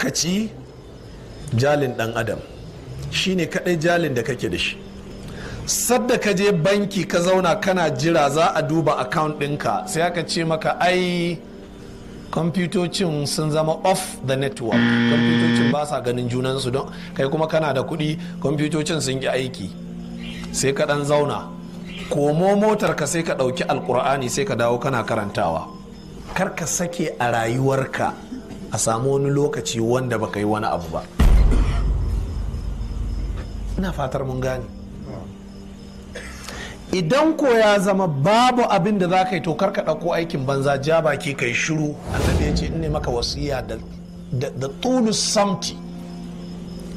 lokaci jalin dan adam shi ne kadai jalin da kake da shi sadda ka je banki ka zauna kana jira za a duba account ɗinka sai aka ce maka ai kwamfutocin sun zama off the network kwamfutocin ba sa ganin junansu don kai kuma kana da kuɗi kwamfutocin sun ki aiki sai ka dan zauna komo motar ka sai ka ɗauki alkur'ani sai ka dawo kana karantawa kar ka sake a rayuwarka a samu wani lokaci wanda baka yi wani abu ba ina fatar mun gane idan ko ya zama babu abin da za ka yi to ka ɗauko aikin banza ja baki kai shiru annabi ya ce in ne maka wasiya da tulu samti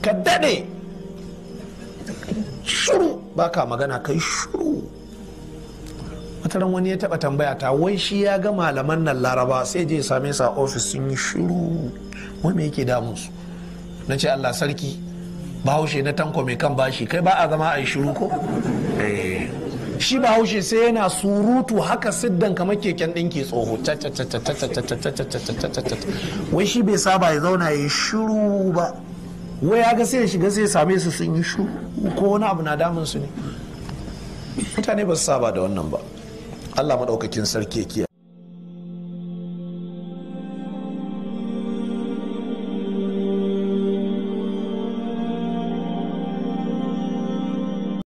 ka daɗe shuru ba ka magana kai shiru. shuru wataran wani ya taba tambaya ta wai shi ya ga malaman nan laraba sai je same sa ofis sun yi shiru wai me yake damun su na ce allah sarki bahaushe na tanko mai kan bashi kai ba a zama a yi shiru ko shi bahaushe sai yana surutu haka siddan kamar keken ke tsoho wai shi bai saba ya zauna ya shiru ba wai ya ga sai ya shiga sai same su sun yi shiru ko wani abu na damun su ne mutane ba su saba da wannan ba allah maɗaukakin sarki ya